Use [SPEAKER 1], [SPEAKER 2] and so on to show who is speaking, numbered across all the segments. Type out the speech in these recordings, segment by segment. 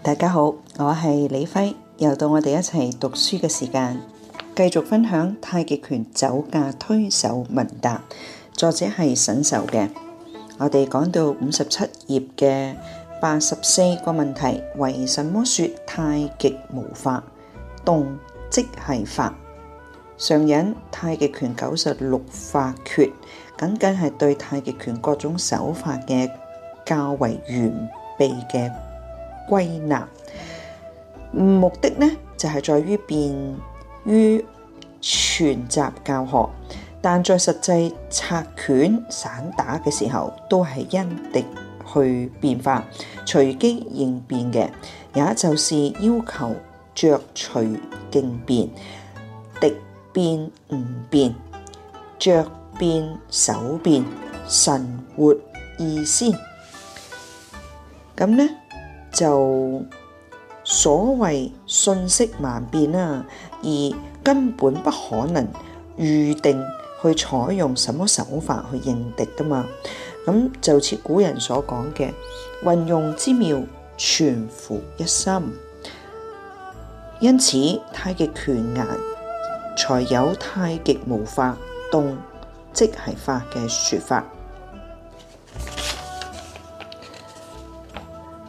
[SPEAKER 1] 大家好，我係李輝，又到我哋一齊讀書嘅時間，繼續分享太極拳走架推手問答，作者係沈壽嘅。我哋講到五十七頁嘅八十四個問題，為什麼說太極無法？動即係法。上引太極拳九十六法訣，僅僅係對太極拳各種手法嘅較為完備嘅。歸納目的呢，就係、是、在於便於全集教學，但在實際拆拳散打嘅時候，都係因敵去變化，隨機應變嘅，也就是要求着隨勁變，敵變唔變，着變手變，神活意先，咁呢。就所謂瞬息萬變啦、啊，而根本不可能預定去採用什麼手法去應敵噶嘛。咁就似古人所講嘅，運用之妙，全乎一心。因此，太極拳眼才有太極無法動即係法，法」嘅説法。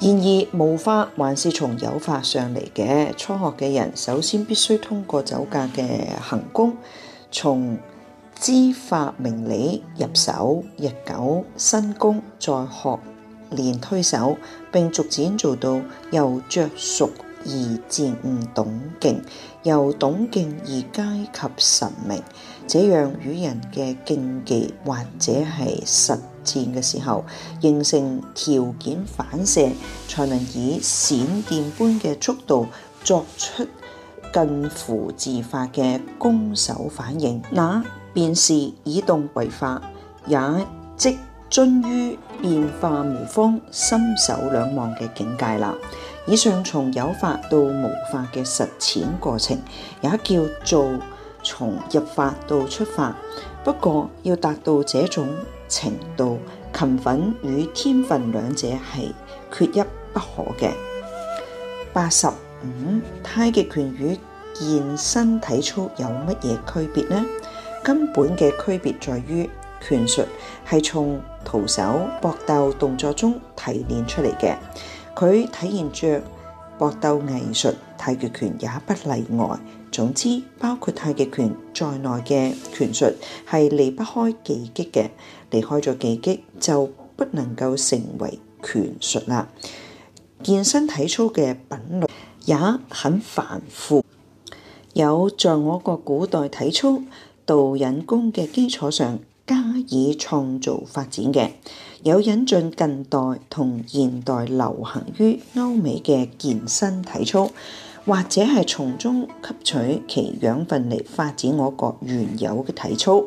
[SPEAKER 1] 然而，無法還是從有法上嚟嘅。初學嘅人首先必須通過走架嘅行功，從知法明理入手，日久身功再學練推手，並逐漸做到由着熟而漸悟懂勁，由懂勁而階及神明。這樣與人嘅競技或者係實嘅時候，形成條件反射，才能以閃電般嘅速度作出近乎自發嘅攻守反應，那便是以動為法，也即臻於變化無方、心手兩忘嘅境界啦。以上從有法到無法嘅實踐過程，也叫做從入法到出法。不過要達到這種程度，勤奮與天分兩者係缺一不可嘅。八十五，太極拳與健身體操有乜嘢區別呢？根本嘅區別在於拳術係從徒手搏鬥動作中提煉出嚟嘅，佢體現著搏鬥藝術，太極拳也不例外。總之，包括太極拳在內嘅拳術係離不開技擊嘅，離開咗技擊就不能夠成為拳術啦。健身體操嘅品類也很繁複，有在我國古代體操導引功嘅基礎上加以創造發展嘅，有引進近代同現代流行於歐美嘅健身體操。或者係從中吸取其養分嚟發展我國原有嘅體操，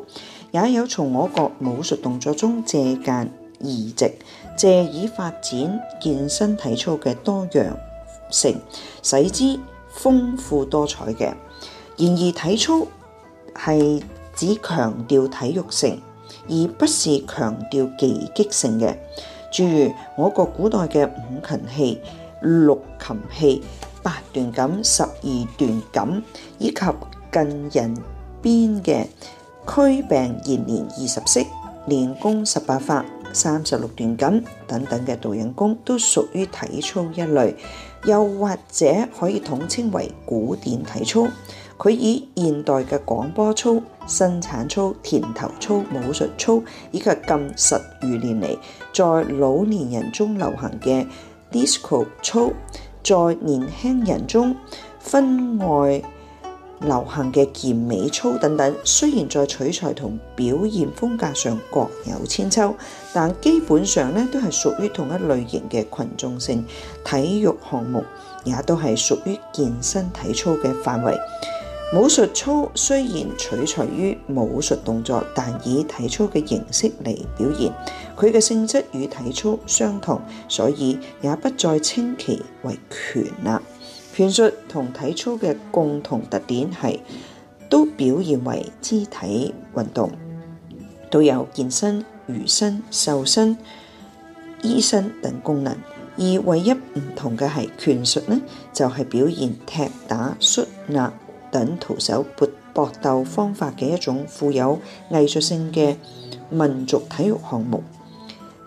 [SPEAKER 1] 也有從我國武術動作中借鑑移植，借以發展健身體操嘅多樣性，使之豐富多彩嘅。然而體操係只強調體育性，而不是強調技擊性嘅。諸如我國古代嘅五禽戲、六禽戲。八段錦、十二段錦，以及近人編嘅驅病延年二十式、練功十八法、三十六段錦等等嘅導引功，都屬於體操一類，又或者可以統稱為古典體操。佢以現代嘅廣播操、生產操、田頭操、武術操，以及近十餘年嚟在老年人中流行嘅 disco 操。在年輕人中，分外流行嘅健美操等等，雖然在取材同表現風格上各有千秋，但基本上呢都係屬於同一類型嘅群眾性體育項目，也都係屬於健身體操嘅範圍。武術操雖然取材於武術動作，但以體操嘅形式嚟表現，佢嘅性質與體操相同，所以也不再稱其為拳啦。拳術同體操嘅共同特點係都表現為肢體運動，都有健身、瑜身、瘦身、身醫身等功能。而唯一唔同嘅係拳術呢就係、是、表現踢打、摔拿。等徒手搏搏鬥方法嘅一種富有藝術性嘅民族體育項目，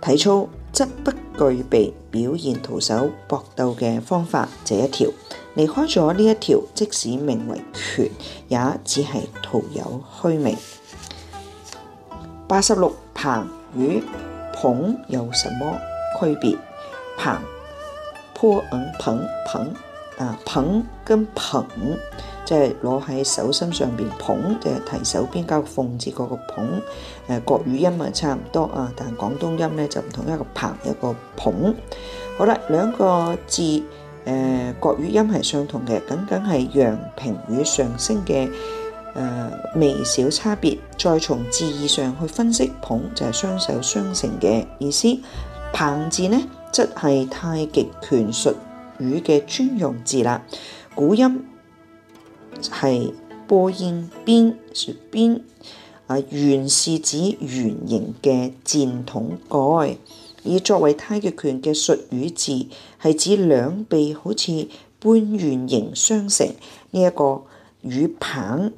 [SPEAKER 1] 體操則不具備表現徒手搏鬥嘅方法。這一條離開咗呢一條，即使名為拳，也只係徒有虛名。八十六，掤與捧有什麼區別？掤 p，eng，掤掤。啊！捧跟捧，即係攞喺手心上邊捧，即係提手邊交奉字嗰個捧。誒、呃，國語音啊，差唔多啊，但係廣東音咧就唔同一個掤，一個捧。好啦，兩個字，誒、呃，國語音係相同嘅，僅僅係陽平與上升嘅誒微小差別。再從字義上去分析捧，捧就係、是、雙手雙成嘅意思，掤字呢，則係太極拳術。語嘅專用字啦，古音係播音邊，是邊啊圓是指圓形嘅箭筒蓋，而作為太極拳嘅術語字係指兩臂好似半圓形相成呢一、這個與棒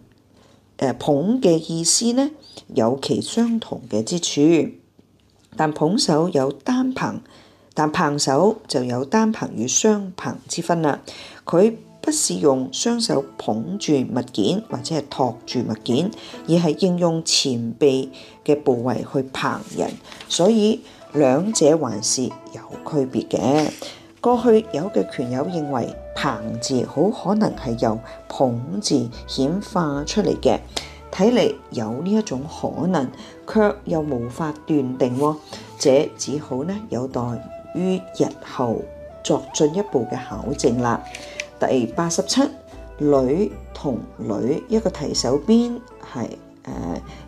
[SPEAKER 1] 誒、啊、捧嘅意思呢，有其相同嘅之處，但捧手有單捧。但掤手就有單掤與雙掤之分啦。佢不是用雙手捧住物件或者係托住物件，而係應用前臂嘅部位去掤人，所以兩者還是有區別嘅。過去有嘅拳友認為掤字好可能係由捧字顯化出嚟嘅，睇嚟有呢一種可能，卻又無法斷定，這只好呢有待。於日後作進一步嘅考證啦。第八十七，女同女，一個提手邊係誒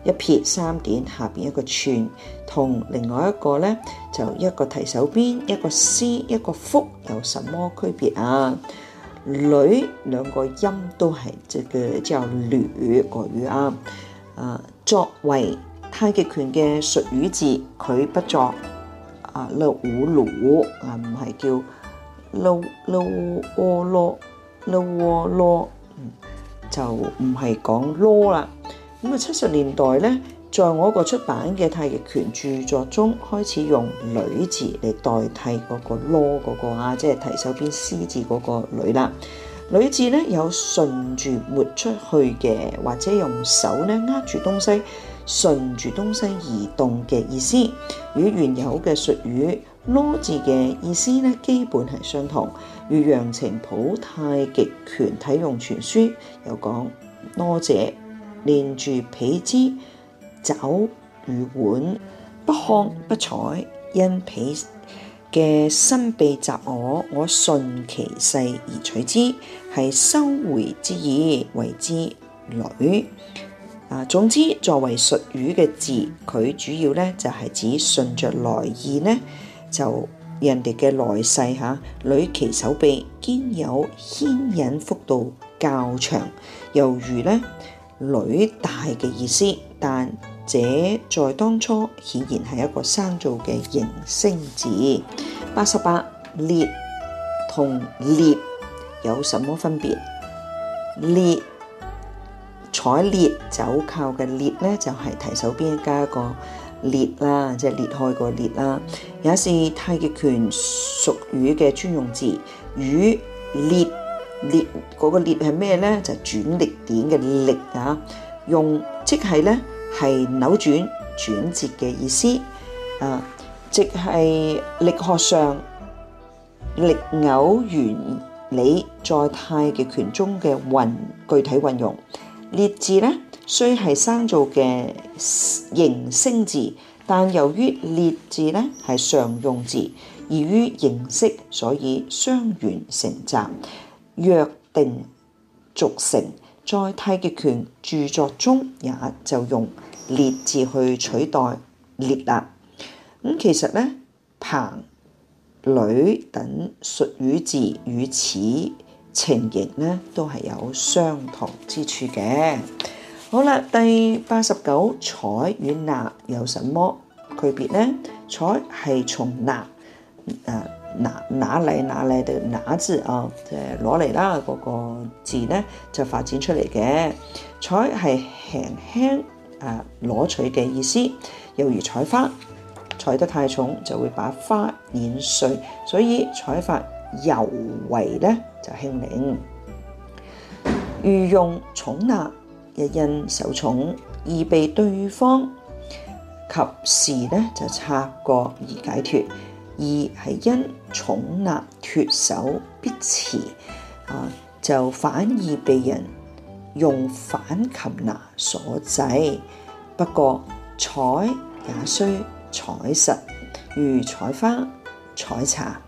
[SPEAKER 1] 一撇三點，下邊一個寸，同另外一個咧就一個提手邊一個絲一個福，有什麼區別啊？女兩個音都係即嘅叫女個語啊。誒，作為太極拳嘅術語字，佢不作。啊，攞烏魯啊，唔係叫攞攞攞攞攞攞，嗯，就唔係講攞啦。咁啊，七十年代咧，在我個出版嘅太極拳著作中，開始用女字嚟代替嗰個攞嗰個啊，即係提手邊絲字嗰個女啦。女字咧有順住抹出去嘅，或者用手咧握住東西，順住東西移動嘅意思，與原有嘅術語攞字嘅意思咧，基本係相同。如楊澄普太極拳體用全書有講，攞者念住臂之肘與腕，不看不採，因臂嘅身被襲我，我順其勢而取之，係收回之意，為之攞。啊，總之作為術語嘅字，佢主要咧就係、是、指順着來意咧，就人哋嘅來勢嚇，女其手臂兼有牽引幅度較長，猶如咧女大嘅意思。但這在當初顯然係一個生造嘅形聲字。八十八，列同列有什麼分別？列。採裂走靠嘅裂咧，就係、是、提手邊加一個裂啦，即係裂開個裂啦，也是太極拳術語嘅專用字。與裂裂嗰個裂係咩咧？就是、轉力點嘅力啊，用即係咧係扭轉轉折嘅意思啊，即係力學上力偶原理在太極拳中嘅運具體運用。列字咧，雖係生造嘅形聲字，但由於列字咧係常用字，易於認識，所以相沿成習，約定俗成，在太極拳著作中也就用列字去取代列啦。咁、嗯、其實咧，彭、呂等術語字與此情形咧都係有相同之處嘅。好啦，第八十九，採與拿有什麼區別呢？採係從拿啊拿拿嚟拿嚟的拿字啊，即係攞嚟啦嗰、那個字咧就發展出嚟嘅。採係輕輕啊攞取嘅意思，猶如採花。採得太重就會把花碾碎，所以採花。尤為咧就輕靈，遇用重拿，一因受重易被對方及時咧就察覺而解脱；二係因重拿脱手必遲，啊就反而被人用反擒拿鎖制。不過採也需採實，如採花、採茶。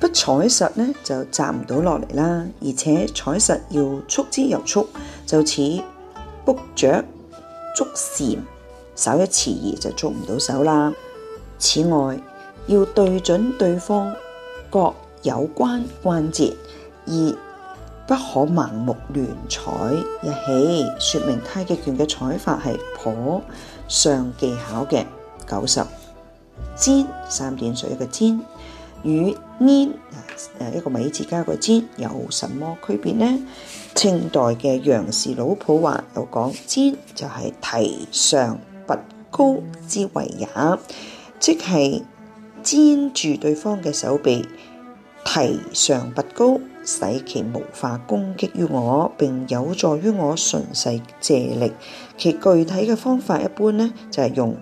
[SPEAKER 1] 不採實咧，就摘唔到落嚟啦。而且採實要速之又速，就似卜雀捉蟬，稍一遲疑就捉唔到手啦。此外，要對準對方各有關關節，而不可盲目亂採。一起，說明太極拳嘅採法係頗上技巧嘅。九十尖，三點水嘅尖與。粘一個米字加個占有什麼區別呢？清代嘅楊氏老譜話又講：粘就係提上拔高之為也，即係粘住對方嘅手臂，提上拔高，使其無法攻擊於我，並有助於我順勢借力。其具體嘅方法一般呢，就係、是、用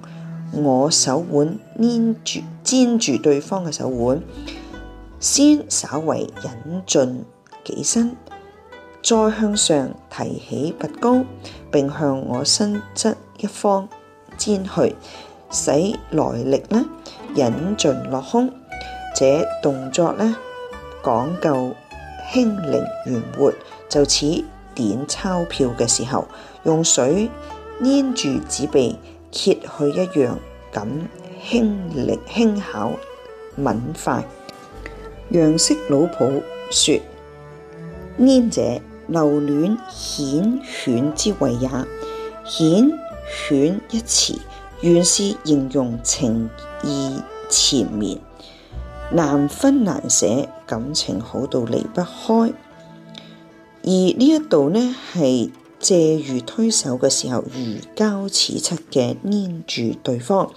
[SPEAKER 1] 我手腕粘住粘住對方嘅手腕。先稍為引進幾身，再向上提起拔高，並向我身側一方尖去，使來力呢，引進落空。這動作呢講究輕靈圓活，就似點鈔票嘅時候，用水黏住紙幣揭去一樣，咁輕力輕巧敏快。楊式老譜說：黏者留戀缱绻之謂也。缱绻一詞原是形容情意纏綿，難分難捨，感情好到離不開。而呢一度呢係借喻推手嘅時候，如膠似漆嘅黏住對方。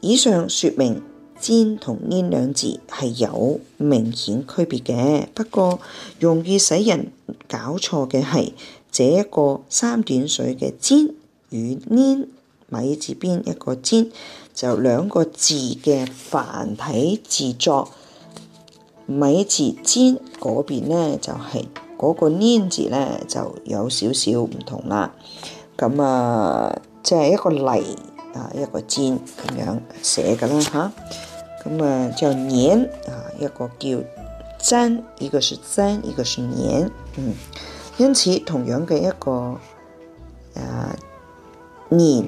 [SPEAKER 1] 以上說明。沾同黏兩字係有明顯區別嘅，不過容易使人搞錯嘅係這一個三點水嘅沾與黏米字邊一個沾，就兩個字嘅繁體字作米字沾嗰邊咧，就係、是、嗰、那個黏字咧就有少少唔同啦。咁啊，即、就、係、是、一個泥啊，一個沾咁樣寫噶啦嚇。咁啊，就黏啊，一個叫粘，一個是粘，一個是黏。嗯。因此同樣嘅一個啊，黏，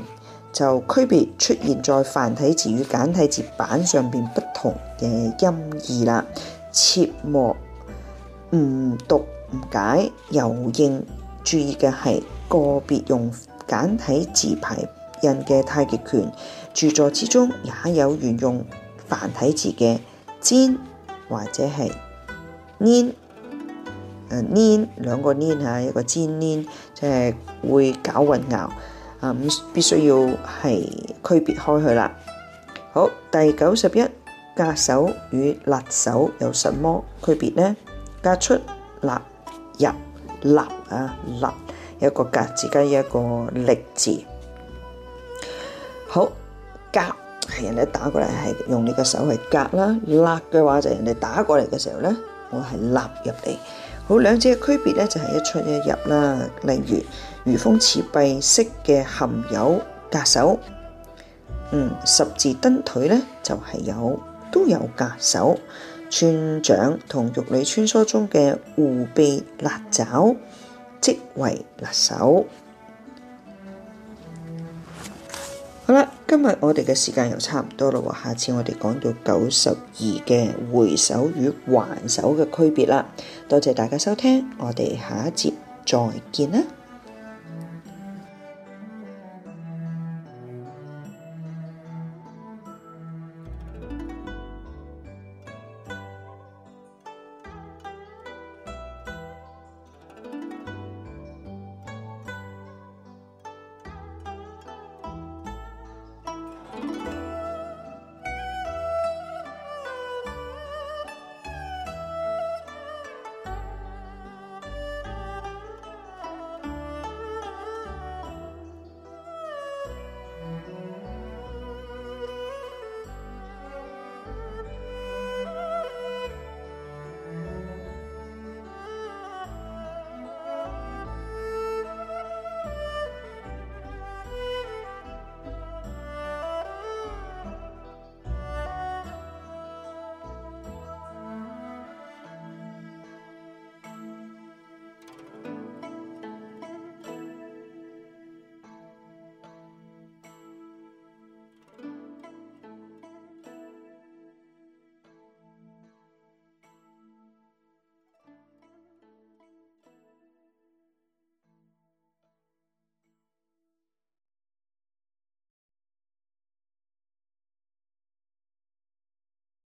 [SPEAKER 1] 就區別出現在繁體字與簡體字版上邊不同嘅音義啦。切莫誤讀誤解，尤應注意嘅係個別用簡體字排印嘅太極拳著作之中也有沿用。繁體字嘅粘或者係黏，誒黏兩個黏嚇一個粘黏，即係會搞混淆啊！咁必須要係區別開去啦。好，第九十一，夾手與立手有什麼區別呢？夾出、立入、立啊立，一個夾字加一個力字。好，夾。係人哋打過嚟，係用你嘅手去夾啦。辣嘅話就人哋打過嚟嘅時候咧，我係辣入嚟。好，兩者嘅區別咧就係一出一入啦。例如，如封似閉式嘅含有夾手，嗯，十字蹬腿咧就係有都有夾手，穿掌同玉女穿梭中嘅護臂辣爪，即為辣手。今日我哋嘅時間又差唔多咯，下次我哋講到九十二嘅回首與還手嘅區別啦。多謝大家收聽，我哋下一節再見啦。